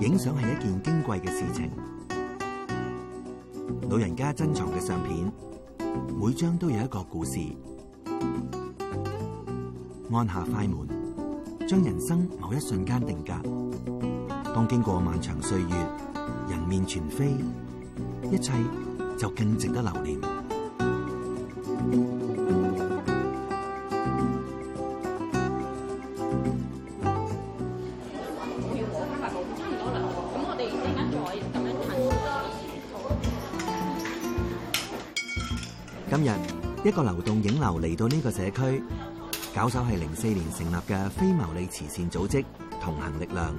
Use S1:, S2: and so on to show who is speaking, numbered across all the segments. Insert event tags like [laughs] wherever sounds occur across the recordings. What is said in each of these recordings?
S1: 影相係一件矜貴嘅事情，老人家珍藏嘅相片，每張都有一個故事。按下快門，將人生某一瞬間定格。當經過漫長歲月，人面全非，一切就更值得留念。一個流動影樓嚟到呢個社區，搞手係零四年成立嘅非牟利慈善組織同行力量，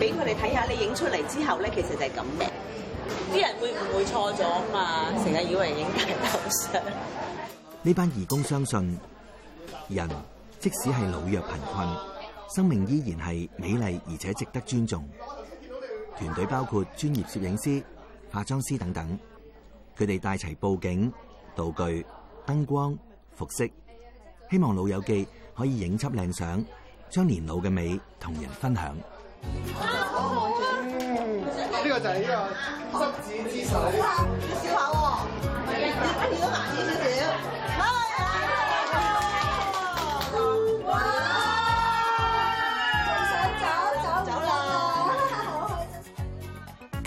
S2: 俾佢哋睇下你影出嚟之後咧，其實就係咁嘅。啲人會唔會錯咗啊嘛，成、嗯、日以為影大頭相。
S1: 呢班義工相信，人即使係老弱貧困，生命依然係美麗而且值得尊重。團隊包括專業攝影師、化妝師等等，佢哋帶齊佈景、道具、燈光、服飾，希望老友記可以影輯靚相，將年老嘅美同人分享，啊。好好啊！呢、嗯嗯呢個就係呢、呢個執子之手，要、啊、笑下 [music]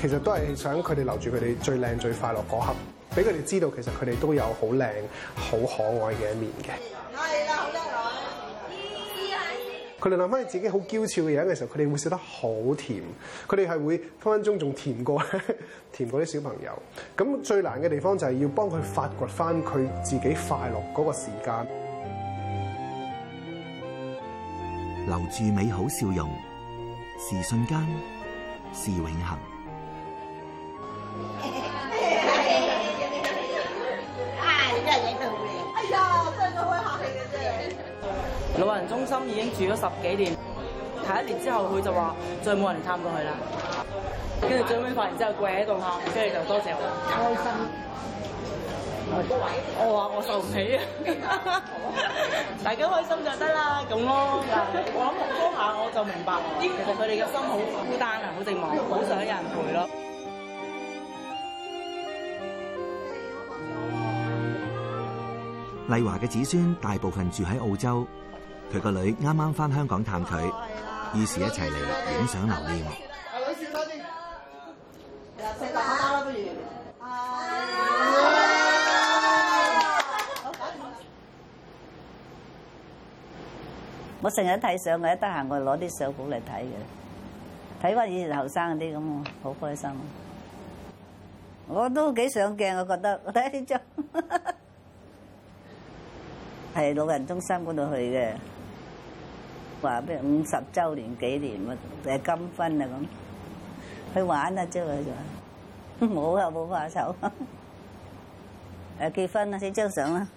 S3: 其實都係想佢哋留住佢
S2: 哋最靚最快樂嗰刻，俾佢哋知道其實佢哋都有好靚、好可愛嘅一面嘅。係啦，好叻女！佢哋諗翻起自己好嬌俏嘅樣嘅時候，佢哋會笑得好甜，佢哋係會分分鐘仲甜過甜過啲小朋友。咁最難嘅地方就係要幫佢發掘翻佢自己快樂嗰個時間，
S1: 留住美好笑容，是瞬間，是永恆。
S4: 啊！你真係影得好靚。哎呀，哎呀哎呀哎呀哎呀我真都會客氣嘅，啫。老人中心已經住咗十幾年，下一年之後，佢就話再冇人探過去啦。跟住最尾發現之後跪喺度喊，跟住就多謝我啦。開心。我話我受唔起啊！ [laughs] 大家開心就得啦，咁咯。我諗嗰下我就明白，其實佢哋嘅心好孤單啊，好寂寞，好想有人陪咯。
S1: 麗華嘅子孫大部分住喺澳洲，佢個女啱啱翻香港探佢，於是一齊嚟影相留念。阿女轉
S2: 身啦，廿四打啦不如。
S5: 我成日睇相嘅，一得閒我就攞啲相簿嚟睇嘅，睇翻以前後生嗰啲咁，好開心。我都幾上鏡，我覺得睇呢張。係老人中心嗰度去嘅，話咩五十周年幾年啊，誒金婚啊咁，去玩啊即係話，我又冇怕醜，誒結婚啊，影張相啦，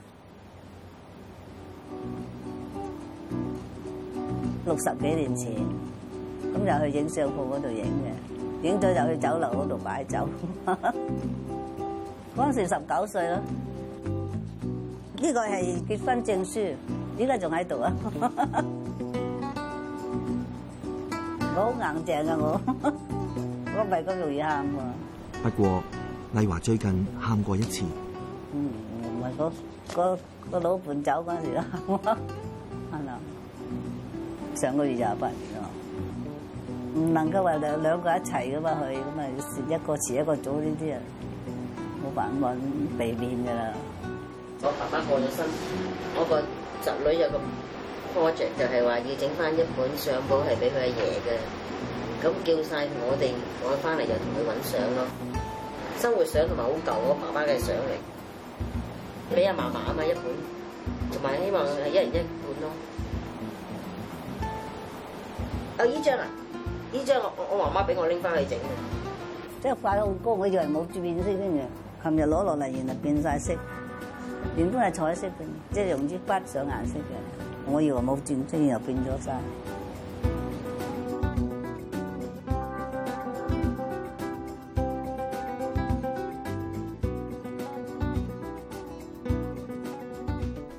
S5: 六十幾年前，咁就去影相鋪嗰度影嘅，影咗就去酒樓嗰度擺酒，嗰陣時十九歲咯。呢個係結婚證書，依家仲喺度啊！我好硬淨啊，我，我唔係咁容易喊喎。
S1: 不過麗華最近喊過一次，
S5: 嗯，唔係嗰嗰老伴走嗰陣時喊啊， [laughs] 上個月廿八年啊，唔能夠話兩兩個一齊噶嘛，佢咁咪一個遲一,一個早呢啲啊，冇辦法避免噶啦。
S6: 我爸爸過咗身，我個侄女有個 project 就係、是、話要整翻一本相簿係俾佢阿爺嘅，咁叫晒我哋我翻嚟就同佢搵相咯，生活相同埋好舊我爸爸嘅相嚟，俾阿嫲嫲啊嘛一本，同埋希望係一人一本咯、啊。啊依張啊，依張我我媽媽俾我拎翻去整嘅，
S5: 即係快好高。我以為冇住變色添嘅，琴日攞落嚟原來變晒色。原本係彩色嘅，即係用支筆上顏色嘅。我以為冇轉，突然又變咗晒。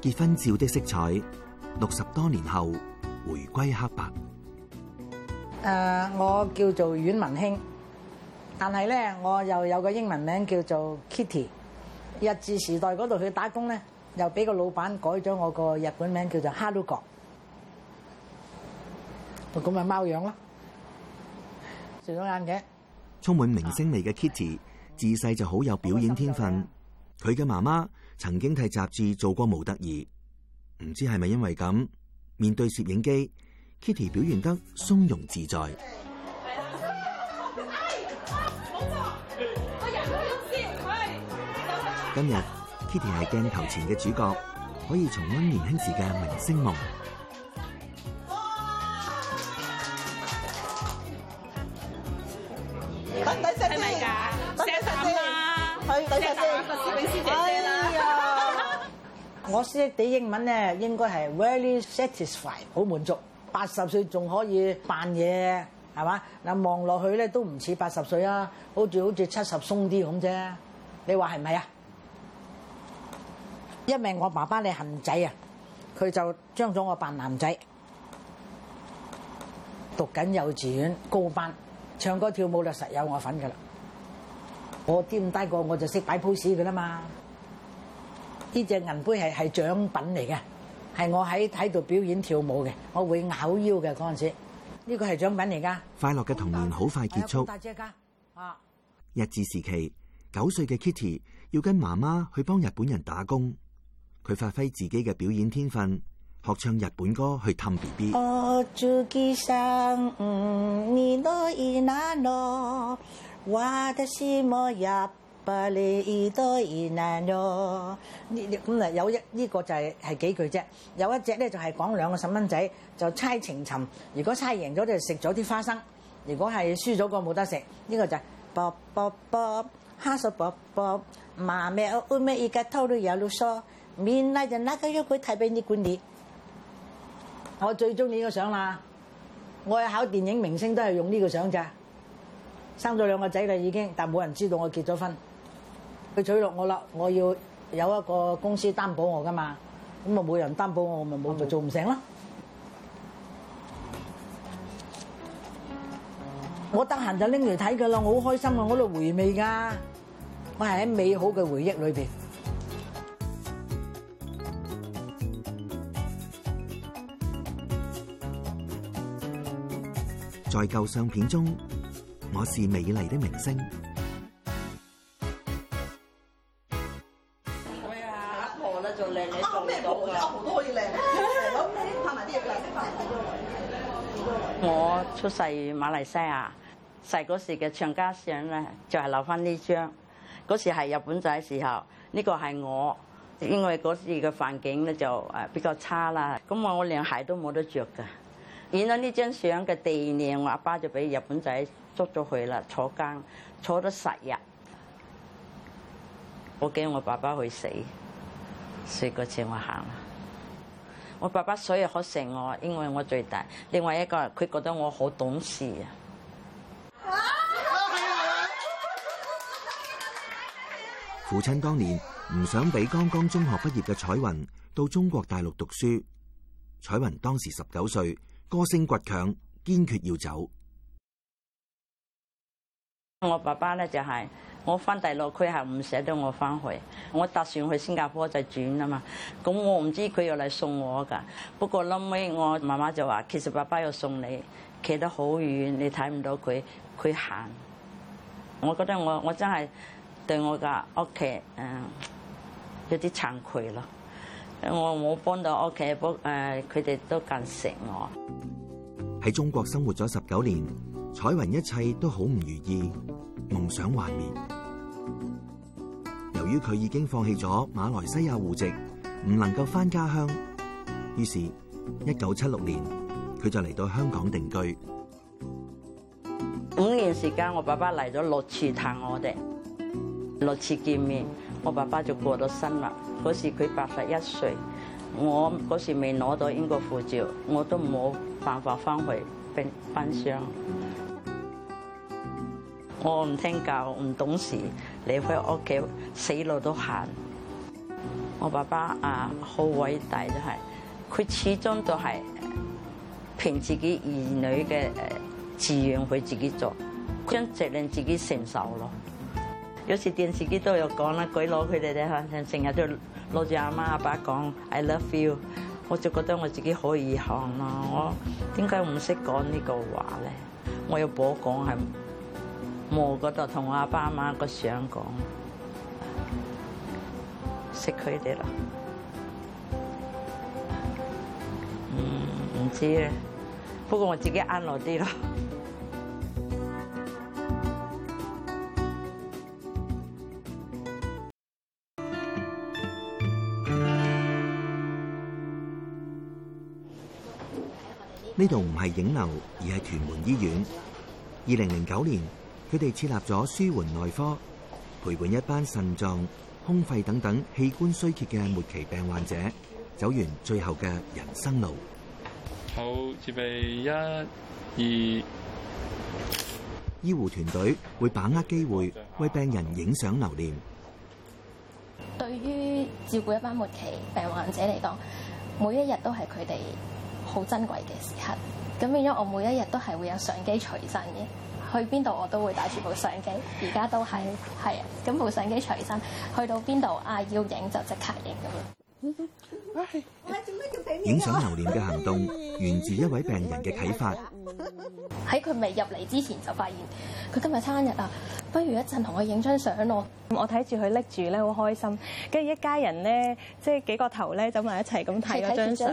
S1: 結婚照的色彩，六十多年後回歸黑白。
S4: 誒，我叫做阮文卿，但係咧，我又有個英文名叫做 Kitty。日治時代嗰度去打工咧，又俾個老闆改咗我個日本名叫做 Hello 哥，咁咪貓樣咯，少咗眼鏡。
S1: 充滿明星味嘅 Kitty、啊、自細就好有表演天分，佢、嗯、嘅、嗯、媽媽曾經替雜誌做過模特兒，唔知係咪因為咁面對攝影機、嗯、Kitty 表現得從容自在。嗯 [laughs] 今日 Kitty 係鏡頭前嘅主角，可以重溫年輕時嘅明星夢
S4: 等。得唔得先嚟㗎、啊？得唔得先啦、啊？得唔得先我？先我斯迪 [laughs] 英文咧，應該係 very satisfied 好滿足。八十歲仲可以扮嘢，係嘛？嗱，望落去咧都唔似八十歲啊，好似好似七十鬆啲咁啫。你話係唔係啊？一命我爸爸你恨仔啊，佢就將咗我扮男仔，讀緊幼稚園高班，唱歌跳舞就實有我份噶啦。我掂低個我就識擺 pose 噶啦嘛。呢隻銀杯係係獎品嚟嘅，係我喺睇度表演跳舞嘅，我會咬腰嘅嗰陣時。呢、呢個係獎品嚟噶。
S1: 快樂嘅童年好快結束。哎、大
S4: 隻噶啊！
S1: 日治時期，九歲嘅 Kitty 要跟媽媽去幫日本人打工。佢發揮自己嘅表演天分，學唱日本歌去氹 B B。
S4: 有一一隻咧就係講兩個細蚊仔就猜情尋，如果猜贏咗就食咗啲花生，如果係輸咗就冇得食。呢個就啵啵啵，哈嗦啵啵，麻咩歐咩，依家偷到耶路梭。面拉就拉佢，佢睇俾你管理。我最中意呢個相啦，我考電影明星都係用呢個相咋。生咗兩個仔啦已經，但係冇人知道我結咗婚。佢娶落我啦，我要有一個公司擔保我噶嘛。咁啊冇人擔保我，我咪冇就做唔成囉。我得閒就拎嚟睇噶啦，我好開心啊！我都回味噶，我係喺美好嘅回憶裏邊。
S1: 在舊相片中，我是美麗的明星。
S6: 我出世馬來西亞，細嗰時嘅長家相咧就係留翻呢張。嗰時係日本仔時候，呢個係我，因為嗰時嘅環境咧就誒比較差啦。咁我我連鞋都冇得着嘅。影咗呢張相嘅第二年，我阿爸就俾日本仔捉咗去啦，坐監坐咗十日。我驚我爸爸會死，所以嗰次我行啦。我爸爸所以好錫我，因為我最大。另外一個佢覺得我好懂
S1: 事啊。父親當年唔想俾剛剛中學畢業嘅彩雲到中國大陸讀書，彩雲當時十九歲。歌聲倔強，堅決要走。
S6: 我爸爸咧就係、是、我翻第六區係唔捨得我翻去，我搭船去新加坡就轉啊嘛。咁我唔知佢又嚟送我噶。不過後尾我媽媽就話，其實爸爸又送你，企得好遠，你睇唔到佢，佢行。我覺得我我真係對我嘅屋企誒有啲慚愧咯。我冇幫到屋企，不過佢哋都更錫我。
S1: 喺中國生活咗十九年，彩雲一切都好唔如意，夢想幻滅。由於佢已經放棄咗馬來西亞戶籍，唔能夠翻家鄉，於是，一九七六年佢就嚟到香港定居。
S6: 五年時間，我爸爸嚟咗六次探我哋，六次見面，我爸爸就過咗身啦。嗰時佢八十一歲，我嗰時未攞到英國護照，我都冇辦法翻去奔奔喪。我唔聽教，唔懂事，離開屋企死路都行。我爸爸啊，好偉大就係，佢始終都係憑自己兒女嘅誒自養，佢自己做，將責任自己承受咯。有時電視機都有講啦，鬼攞佢哋咧嚇，成日都攞住阿媽阿爸講 I love you，我就覺得我自己好遺憾咯。我點解唔識講呢個話咧？我要補講係冇嗰度同阿爸阿媽個相講，識佢哋啦。唔、嗯、唔知咧，不過我自己安樂啲咯。
S1: 呢度唔係影樓，而係屯門醫院。二零零九年，佢哋設立咗舒緩內科，陪伴一班腎臟、胸肺等等器官衰竭嘅末期病患者，走完最後嘅人生路。
S5: 好，準備一二，
S1: 醫護團隊會把握機會為病人影相留念。
S3: 對於照顧一班末期病患者嚟講，每一日都係佢哋。好珍貴嘅時刻，咁變咗我每一日都係會有相機隨身嘅，去邊度我都會帶住部相機，而家都係係啊，咁部相機隨身，去到邊度啊，要影就即刻影咁樣。
S1: 影相留念嘅行動源自一位病人嘅啟發，
S3: 喺佢未入嚟之前就發現，佢今日生日啊。不如一陣同我影張相
S2: 咯！我睇住佢拎住咧，好開心。跟住一家人咧，即係幾個頭咧，走埋一齊咁睇嗰張相。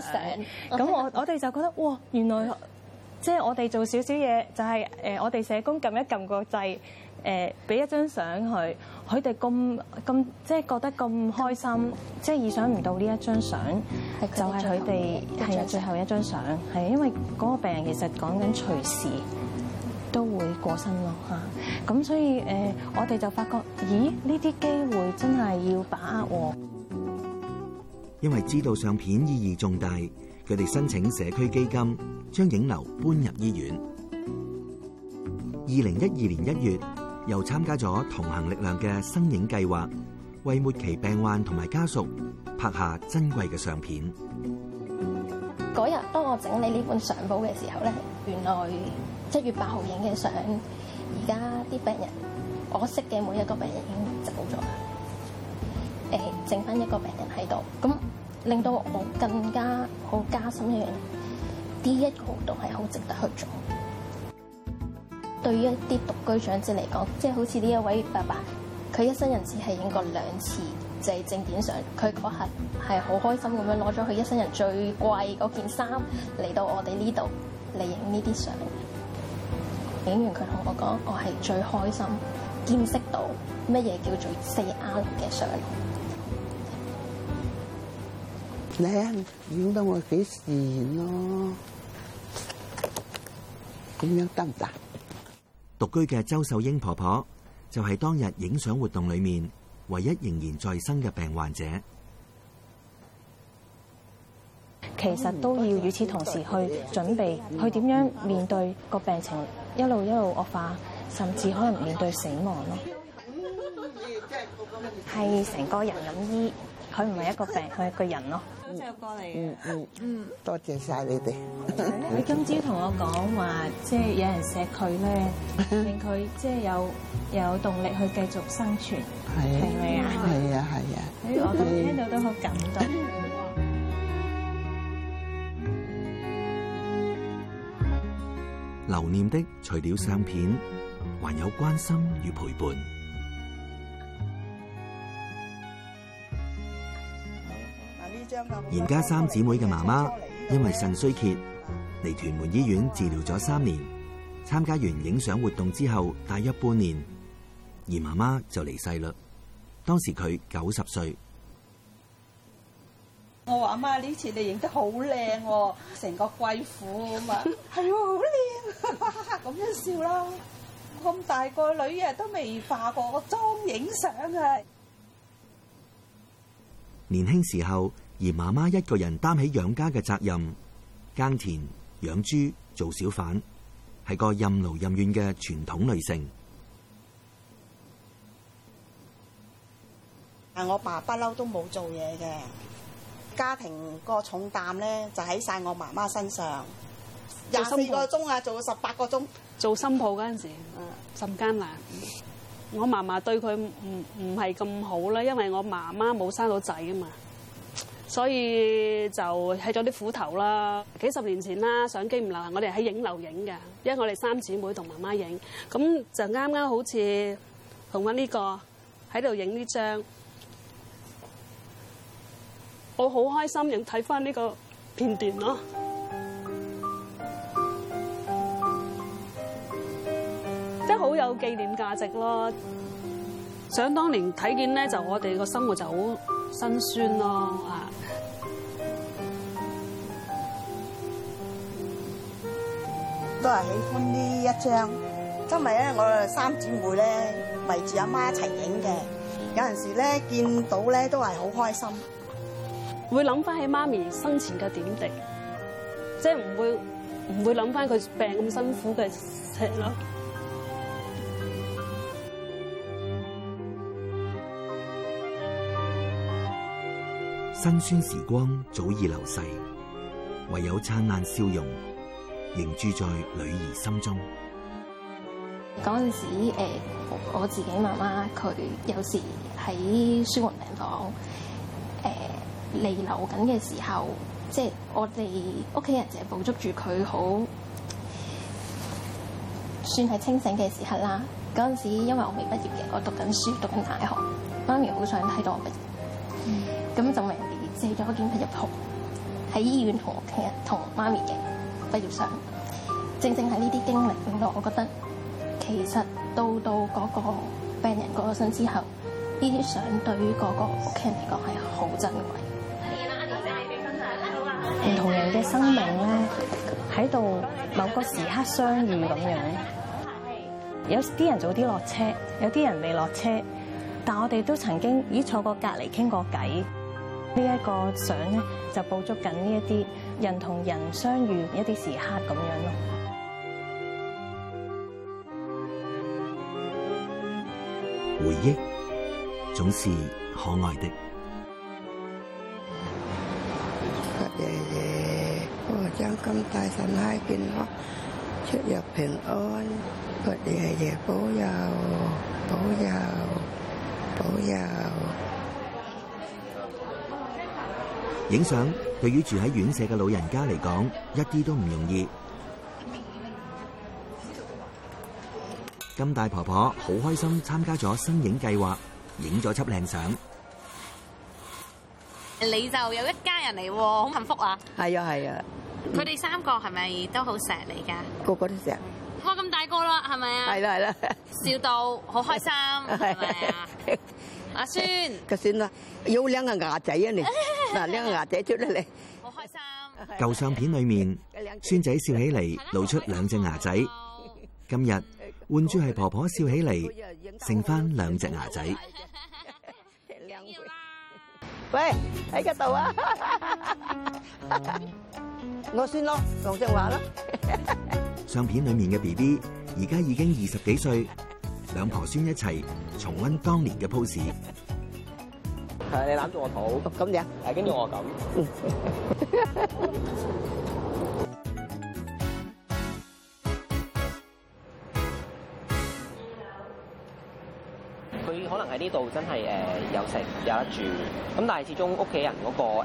S2: 咁我我哋就覺得哇，原來即係我哋做少少嘢，就係、是、誒我哋、就是、社工撳一撳個掣，誒俾一張相佢。佢哋咁咁即係覺得咁開心，嗯、即係意想唔到呢一張相就係佢哋係最後一張相。係、嗯、因為嗰個病人其實講緊隨時。都會過身咯嚇，咁所以、呃、我哋就發覺，咦？呢啲機會真係要把握喎。
S1: 因為知道相片意義重大，佢哋申請社區基金，將影樓搬入醫院。二零一二年一月，又參加咗同行力量嘅身影計劃，為末期病患同埋家屬拍下珍貴嘅相片。
S3: 嗰日當我整理呢本相簿嘅時候咧，原來，七月八號影嘅相，而家啲病人，我識嘅每一個病人已經走咗啦。誒、呃，剩翻一個病人喺度，咁令到我更加好加深一樣，呢、這、一個活動係好值得去做。對於一啲獨居長者嚟講，即係好似呢一位爸爸，佢一生人只係影過兩次就係證件相，佢嗰刻係好開心咁樣攞咗佢一生人最貴嗰件衫嚟到我哋呢度嚟影呢啲相。影完佢同我講，我係最開心，見識到乜嘢叫做四 R 嘅相。你影到我幾自然咯，咁樣
S5: 得唔得？
S1: 獨居嘅周秀英婆婆就係當日影相活動裏面唯一仍然在生嘅病患者。
S2: 其實都要與此同時去準備，去點樣面對個病情。一路一路惡化，甚至可能面對死亡咯。係 [laughs] 成個人咁醫，佢唔係一個病，佢係個人咯。多
S1: 謝過嚟。嗯嗯嗯。
S5: 多謝晒你哋。 [laughs] 你
S2: 今朝同我講話，即係有人錫佢咧，令佢即係有有動力去繼續生存，
S1: 係咪啊？係啊係啊。誒、啊， [laughs] 我聽到都好感動。留念的除了相片，還有關心與陪伴。嚴 [music] 家三姊妹嘅媽媽因為腎衰竭嚟屯門醫院治療咗三年，參加完影相活動之後，大約半年，而媽媽就離世了，當時佢九十歲。
S2: 我話阿媽，呢次你影得好靚喎，成個貴婦咁啊，係喎，好靚，咁 [laughs] 樣笑啦，咁大個女啊都未化過個妝影相啊！
S1: 年輕時候，而媽媽一個人擔起養家嘅責任，耕田、養豬、做小販，係個任勞任怨嘅傳統女性。
S2: 但我爸不嬲都冇做嘢嘅。家庭個重擔咧就喺晒我媽媽身上，廿四個鐘啊，做咗十八個鐘。做新抱嗰陣時、嗯，甚艱難。我媽媽對佢唔唔係咁好啦，因為我媽媽冇生到仔啊嘛，所以就食咗啲苦頭啦。幾十年前啦，相機唔流行，我哋喺影樓影嘅，因為我哋三姊妹同媽媽影，咁就啱啱好似同翻呢個喺度影呢張。我好開心，影睇翻呢個片段咯，真係好有紀念價值咯。想當年睇見咧，就我哋個生活就好辛酸咯啊！都係喜歡呢一張，因為咧我哋三姊妹咧圍住阿媽一齊影嘅，有陣時咧見到咧都係好開心。會諗翻起媽咪生前嘅點滴，即係唔會唔會諗翻佢病咁辛苦嘅事咯。
S1: 辛酸時光早已流逝，唯有燦爛笑容仍住在女兒心中。
S3: 嗰陣時誒，我自己媽媽佢有時喺舒緩病房。彌留緊嘅時候，即係我哋屋企人就係捕捉住佢好算係清醒嘅時刻啦。嗰陣時因為我未畢業嘅，我讀緊書讀緊大學，媽咪好想睇到我畢業，咁、嗯、就明借咗件入行喺醫院同屋企人同媽咪嘅畢業相。正正係呢啲經歷令到我覺得，其實到到嗰個病人過咗身之後，呢啲相對於嗰個屋企人嚟講係好珍貴。嘅生命咧，喺度某個時刻相遇咁
S2: 樣，有啲人早啲落車，有啲人未落車，但我哋都曾經咦坐過隔離傾過偈。這個，呢一個相咧就捕捉緊呢一啲人同人相遇一啲時刻咁樣咯，
S1: 回憶總是可愛的。
S6: 咁大生仔，見我，出入平安，保佑、保佑、保佑、保
S1: 佑，影相。對於住喺院舍嘅老人家嚟講，一啲都唔容易。金大婆婆好開心參加咗新影計劃，影咗輯靚相。
S2: 你就有一家人嚟喎，好幸福
S6: 啊！
S1: 係啊，係啊。
S6: 佢哋
S1: 三個係咪都好錫你噶？
S6: 個都個都錫。哇！咁大個啦，係咪啊？係啦係啦。笑到好開心，係咪啊？阿孫。個孫啊，有兩個牙仔啊你，嗱兩個牙仔出咗嚟。好開心。
S1: 舊相片裡面，孫仔笑起嚟露出兩隻牙仔。今日換住係婆婆笑起嚟， [laughs] 剩翻兩隻牙仔。
S4: 係 [laughs] 兩喂，喺個度啊！ [laughs] [laughs] 我算咯，梁靜華啦。
S1: [laughs] 相片裏面嘅 B B，而家已經二十幾歲，兩婆孫一齊重温當年嘅 pose。
S3: 係你攬住我肚，咁啊，係跟住我咁。佢 [laughs] 可能喺呢度真係誒有食，有得住。咁但係始終屋企人嗰個誒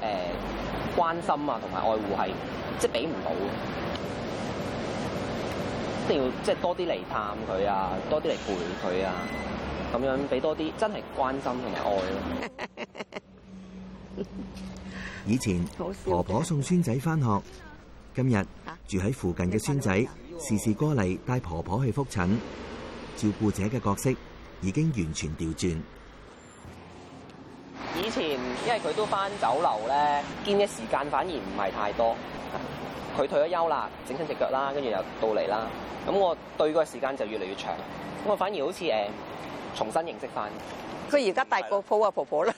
S3: 關心啊，同埋愛護係。即係俾唔到，一定要即係多啲嚟探佢啊，多啲嚟陪佢啊，咁樣俾多啲真係關心
S1: 同埋愛咯。 [laughs] 以前婆婆送孫仔翻學，今日住喺附近嘅孫仔時時過嚟帶婆婆去復診，照顧者嘅角色已經完全調轉。
S3: 以前因為佢都翻酒樓咧，見嘅時間反而唔係太多。佢退咗休啦，整親隻腳啦，跟住又到嚟啦。咁我對個時間就越嚟越長，咁我反而好似誒重新認識返。佢而家大個鋪啊，婆婆啦。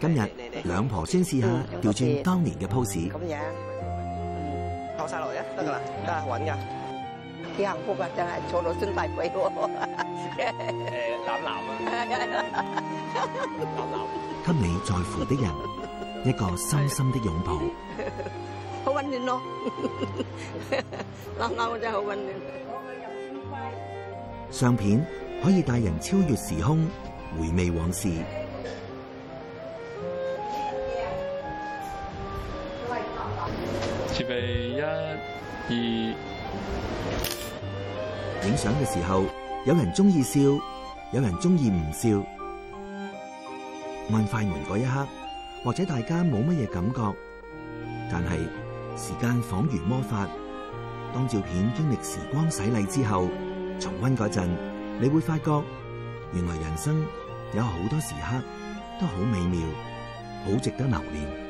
S1: 今日兩婆先試下調轉當年嘅 pose。咁樣。攞曬落嚟呀，得啦，得揾㗎。
S6: 幾幸福啊！真係坐到孫大鬼喎。
S1: 誒，攬攬
S3: 啊！攬攬。
S1: 給你在乎的人 [laughs] 一個深深的擁抱。
S6: [laughs] 溫暖咯，啱唔啱？我真係好溫暖。
S1: 相片可以帶人超越時空，回味往事。
S5: 設備一
S1: 二，影相嘅時候，有人中意笑，有人中意唔笑。按快門嗰一刻，或者大家冇乜嘢感覺，但係。時間仿如魔法，當照片經歷時光洗禮之後，重溫嗰陣，你會發覺，原來人生有好多時刻都好美妙，好值得留念。